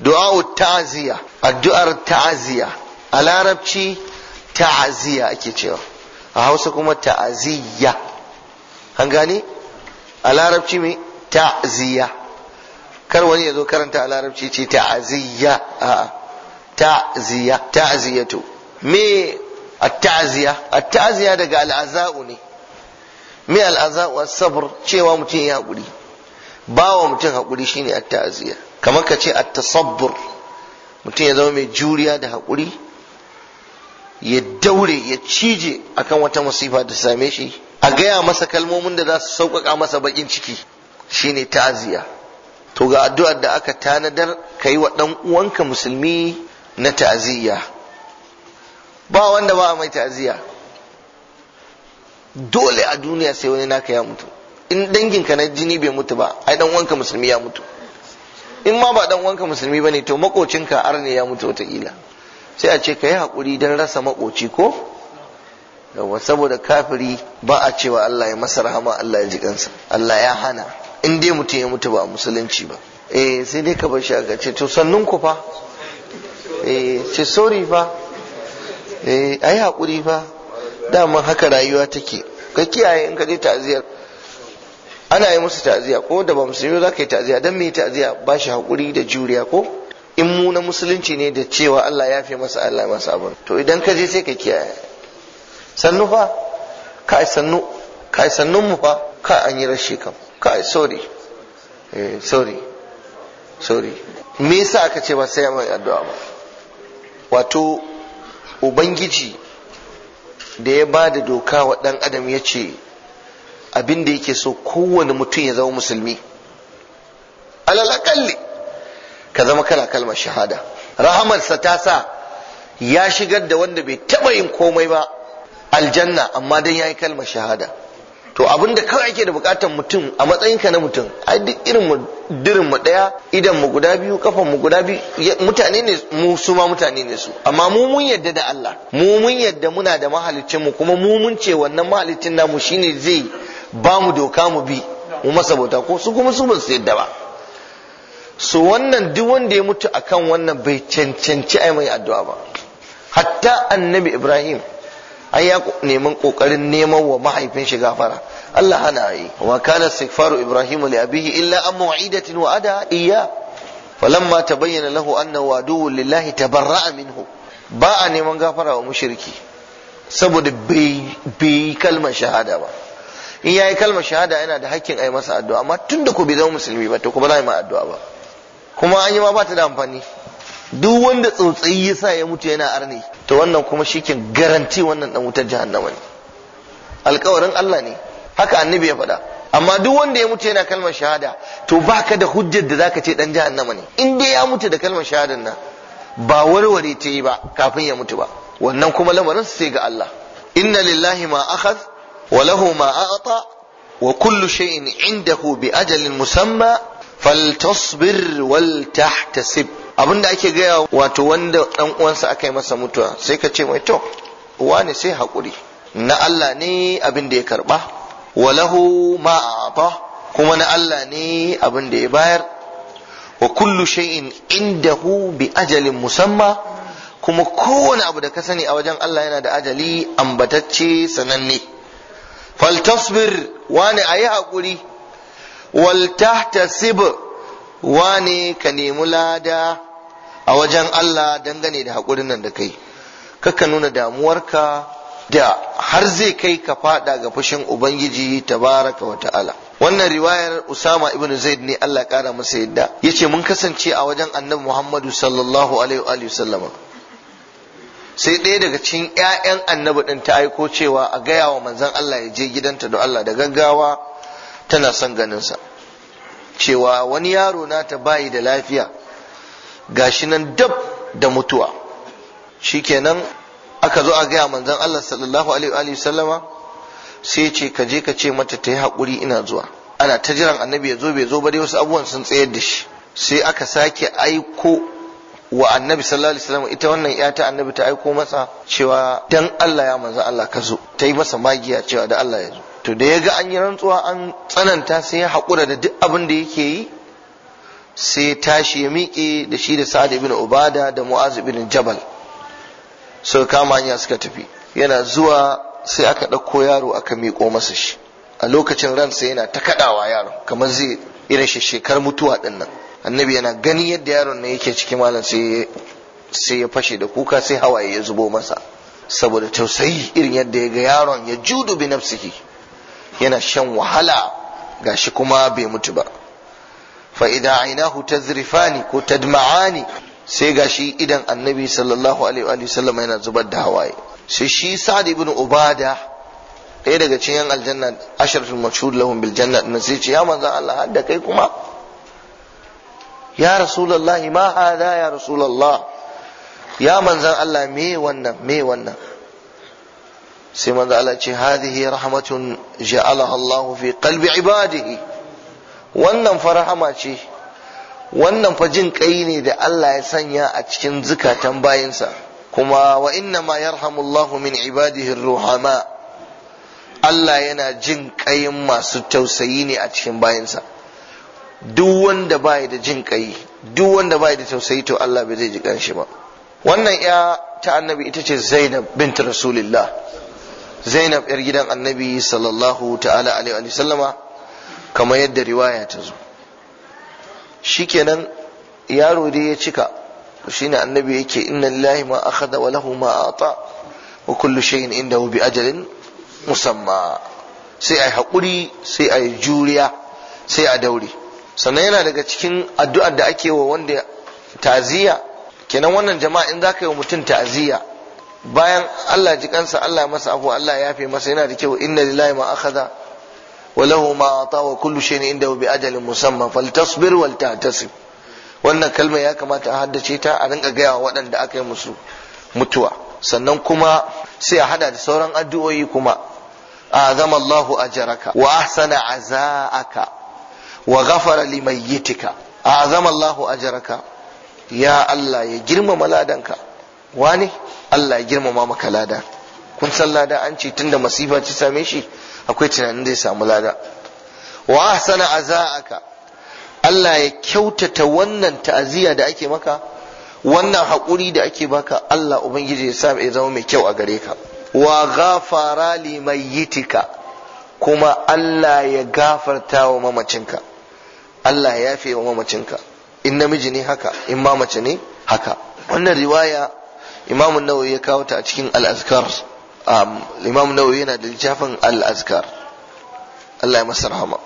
du'a'u ta'ziya addu'ar ta'ziya a larabci ta'ziya ake cewa a hausa kuma ta'ziya an gani a larabci mai ta'ziya kar wani ya zo karanta a larabci ce ta'ziya a ta'ziya to. me a taziya a taziya daga al'aza'u ne me al'aza'u a sabar cewa mutum ya guri bawa mutum haƙuri shine a taziya kamar ka ce at-tasabbur mutum ya zama mai juriya da haƙuri ya daure ya cije akan wata masifa da same shi a gaya masa kalmomin da za su sauƙaƙa masa baƙin ciki shine ta'aziya to ga addu'ar da aka tanadar ka yi wa ɗan uwanka musulmi na ta'aziyya ba wanda ba mai ta'aziyya dole a duniya sai wani naka ya mutu in danginka na jini bai mutu ba ai dan uwanka musulmi ya mutu in ma ba dan uwanka musulmi bane to makocinka arne ya mutu wataƙila sai a ce ka yi haƙuri don rasa makoci ko yawa saboda kafiri ba a cewa Allah ya masa rahama Allah ya ji kansa Allah ya hana in dai mutum ya mutu ba musulunci ba eh sai dai ka bar shi aka ce to sannun ku fa eh ce sorry fa eh ayi haƙuri fa dama haka rayuwa take ka kiyaye in ka je ta'aziyar ana yi musu ta'aziya ko da ba musulmi za ka yi ta'ziya dan me ta'ziya ba shi hakuri da juriya ko in mu na musulunci ne da cewa Allah ya fi masa Allah masa abin to idan ka je sai ka kiyaye sannu fa kai sannu kai sannun mu fa kai an yi rashi kam kai sorry eh sorry sorry me yasa aka ce ba sai mai addu'a ba wato ubangiji da ya ba da doka wa dan adam ya ce abin da yake so kowane mutum ya zama musulmi alalakalli ka zama kana kalmar shahada rahamarsa ta sa ya shigar da wanda bai taba yin komai ba aljanna amma dan ya yi kalmar shahada to abin da kawai ake da bukatar mutum a matsayinka na mutum ai duk irin mu dirin mu daya idan mu guda biyu kafan mu guda biyu mutane ne mu su ma mutane ne su amma mu mun yadda da Allah mu mun yadda muna da mahalicin mu kuma mu mun ce wannan mahalicin namu shine zai ba mu doka mu bi mu masa bauta ko su kuma su ba su yadda ba su wannan duk wanda ya mutu akan wannan bai cancanci ai mai addu'a ba hatta annabi ibrahim ai ya neman kokarin neman wa mahaifin shi gafara Allah hana yi wa kana sifaru ibrahim li abihi illa an mu'idatin wa ada iya falamma tabayyana lahu annahu aduwwu lillahi tabarra'a minhu ba a neman gafara wa mushriki saboda bai kalmar shahada ba in yayi kalmar shahada yana da hakkin a yi masa addu'a amma tun da ku bi zama musulmi ba to ku ba za yi ma addu'a ba kuma an yi ma ba ta da amfani duk wanda tsotsayi ya sa ya mutu yana arni to wannan kuma shikin garanti wannan dan wutar jahannama ne alkawarin Allah ne haka annabi ya faɗa amma duk wanda ya mutu yana kalmar shahada to baka da hujjar da zaka ce dan jahannama ne in dai ya mutu da kalmar shahadar nan ba warware ta yi ba kafin ya mutu ba wannan kuma lamarin sai ga Allah inna lillahi ma وله ما أعطى وكل شيء عنده بأجل مسمى فلتصبر ولتحتسب abin da ake gaya wato wanda dan uwansa aka yi masa mutuwa sai ka ce mai to wani sai haƙuri na Allah ne abin da ya karba walahu ma a'ta kuma na Allah ne abin da ya bayar wa kullu shay'in indahu bi ajalin musamma kuma kowane abu da ka sani a wajen Allah yana da ajali ambatacce sananne faltasbir wani ayi haƙuri waltahtasib wani ka nemi lada a wajen Allah dangane da haƙurin nan da kai kaka nuna damuwarka da har zai kai ka fada ga fushin ubangiji tabaraka wa ta'ala wannan riwayar usama Ibnu zaid ne Allah kara masa yadda yace mun kasance a wajen annabi muhammadu sallallahu alaihi wa sallama sai ɗaya daga cikin 'ya'yan annabi ɗin ta aiko cewa a gaya wa manzon Allah ya je gidanta da Allah da gaggawa tana son ganinsa cewa wani yaro na ta bayi da lafiya gashi nan dab da mutuwa shikenan aka zo a gaya manzon Allah sallallahu alaihi sallama sai ce ka je ka ce mata ta yi haƙuri ina zuwa ana ta jiran annabi ya zo bai zo ba dai wasu abubuwan sun tsayar da shi sai aka sake aiko wa annabi sallallahu alaihi wasallam ita wannan ya ta annabi ta aiko masa cewa dan Allah ya manzo Allah ka zo ta yi masa magiya cewa da Allah ya zo to da ya ga an yi rantsuwa an tsananta sai ya haƙura da duk abin da yake yi sai tashi ya miƙe da shi da sa'ad ibn ubada da mu'az ibn jabal so kama hanya suka tafi yana zuwa sai aka ɗauko yaro aka miƙo masa shi a lokacin ransa yana ta kaɗawa yaron kamar zai irin shekar mutuwa ɗin annabi yana gani yadda yaron ne yake cikin malam sai ya fashe da kuka sai hawaye ya zubo masa saboda tausayi irin yadda ya ga yaron ya judu bi nafsihi yana shan wahala gashi kuma bai mutu ba fa idan ainahu tazrifani ko tadma'ani sai gashi idan annabi sallallahu alaihi wa yana zubar da hawaye sai shi sa'ad ibn ubada ɗaya daga cikin aljanna ashratul mashhur lahum bil janna sai ce ya Allah hadda da kai kuma ya rasulullahi ma hada ya rasulullah ya manzan Allah me wannan me wannan sai manzan Allah ce hadhihi rahmatun ja'alaha Allah fi qalbi ibadihi wannan farahama ce wannan fa jin kai ne da Allah ya sanya a cikin zukatan bayinsa kuma wa inna ma yarhamu Allah min ibadihi ruhama Allah yana jin kayin masu tausayi ne a cikin bayinsa duk wanda baya da jin kai duk wanda baya da tausayi to Allah bai zai ji kanshi ba wannan ya ta annabi ita ce Zainab bint rasulillah. Zainab yar gidan annabi sallallahu ta'ala alaihi sallama kamar yadda riwaya ta zo shikenan yaro dai ya cika shine annabi yake inna lillahi ma akhadha wa lahu ma ata wa kullu shay'in indahu bi ajalin musamma sai ai hakuri sai ai juriya sai a daure sannan yana daga cikin addu'ar da ake wa wanda ta'ziya kenan wannan jama'a in zaka yi wa mutum ta'aziyya bayan Allah ji kansa Allah masa afu Allah ya yafe masa yana da kyau inna lillahi ma akhadha wa lahu ma ata wa kullu shay'in indahu bi ajalin musamma faltasbir wal ta'tasib wannan kalma ya kamata a haddace ta a rinka gaya wa waɗanda aka yi musu mutuwa sannan kuma sai a hada da sauran addu'o'i kuma azama Allahu ajraka wa ahsana azaaka wa ghafara limayyitika azama Allahu ajraka ya Allah ya girmama ladanka wani Allah ya girmama maka lada kun san lada an ce tunda masifa ta same shi akwai tunanin zai samu lada wa ahsana aza'aka Allah ya kyautata wannan ta'aziyya da ake maka wannan haƙuri da ake baka Allah ubangiji ya sa ya zama mai kyau a gare ka wa ghafara limayyitika kuma Allah ya gafarta wa mamacinka Allah ya yafe wa mamacinka in namiji ne haka in mamace ne haka wannan riwaya Imam Nawawi ya kawo ta a cikin al-azkar um, Imam Nawawi yana da littafin al-azkar Allah ya masa rahama